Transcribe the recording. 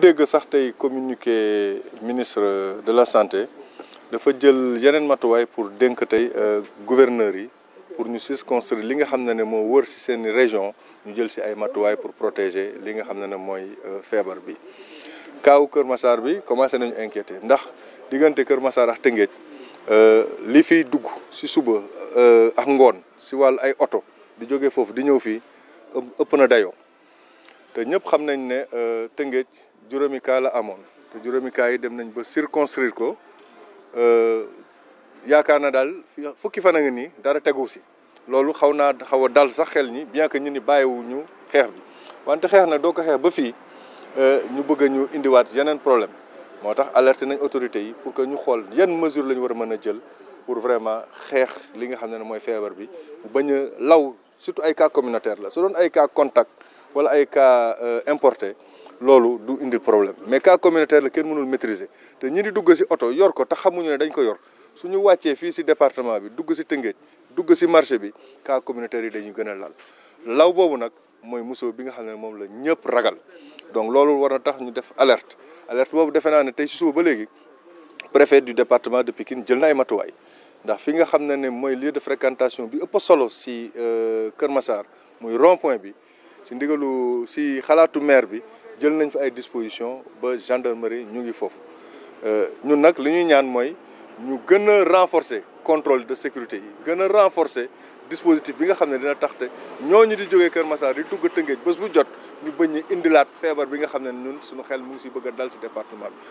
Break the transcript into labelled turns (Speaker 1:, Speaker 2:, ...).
Speaker 1: dégg sax tey communiqué ministre de la santé dafa jël yeneen matuwaay pour dénk tey euh, gouverneur yi pour ñu circonscrire li nga xam ne ne moo wër ci seen région ñu jël ci ay matuwaay pour protéger li nga xam ne ne mooy euh, feebar bi. kaaw Kër Massar bi commencé nañu inquiété ndax diggante Kër Massar ak Tëngéej euh, li fi dugg ci suba ak ngoon ci wàllu ay oto di jóge foofu di ñëw fii ëpp na dayoo. te ñëpp xam nañ ne euh, Tëngéej juróomi cas la amoon te juróomi cas yi dem nañ ba circonscrire ko euh, yaakaar na daal fukki fan a ngi nii dara tegu si loolu xaw naa xaw a dal sax xel ñi bien que ñu ni bàyyiwuñu xeex bi wante xeex na doo ko xeex ba fii euh, ñu bëgg ñu indiwaat yeneen problème moo tax alerte nañ autorités yi pour que ñu xool yan mesure la ñu war a mën a jël pour vraiment xeex li nga xam ne mooy feebar bi bañ law surtout ay cas communautaire la su ay cas contact wala ay cas euh, importé loolu du indi problème mais cas communautaire la kenn mënul maîtriser te ñi di dugg si oto yor ko te xamuñu ne dañ ko yor suñu ñu wàccee fii si département bi dugg si Tëngéej dugg si marché bi cas communautaire yi dañuy gën a lal. law boobu nag mooy musoo bi nga xam ne moom la ñëpp ragal donc loolu war na tax ñu def alerte alerte boobu defe naa ne tey si suba ba léegi préfet du département de Pikine jël na ay matuwaay ndax fi nga xam ne ne mooy lieu de fréquentation bi ëpp solo si euh, Kër Massar muy rond point bi. ci ndigalu si xalaatu maire bi jël nañ fa ay dispositions ba gendarmerie ñu ngi foofu euh, ñun nag li ñuy ñaan mooy ñu gën a renforcer contrôle de sécurité yi gën a renforcer dispositif bi nga xam ne dina taxte ñu di jógee Kër masaar di dugg Tëngéej bés bu jot ñu bañ a indilaat feebar bi nga xam ne ñun suñu xel mu ngi si bëgg dal si département bi.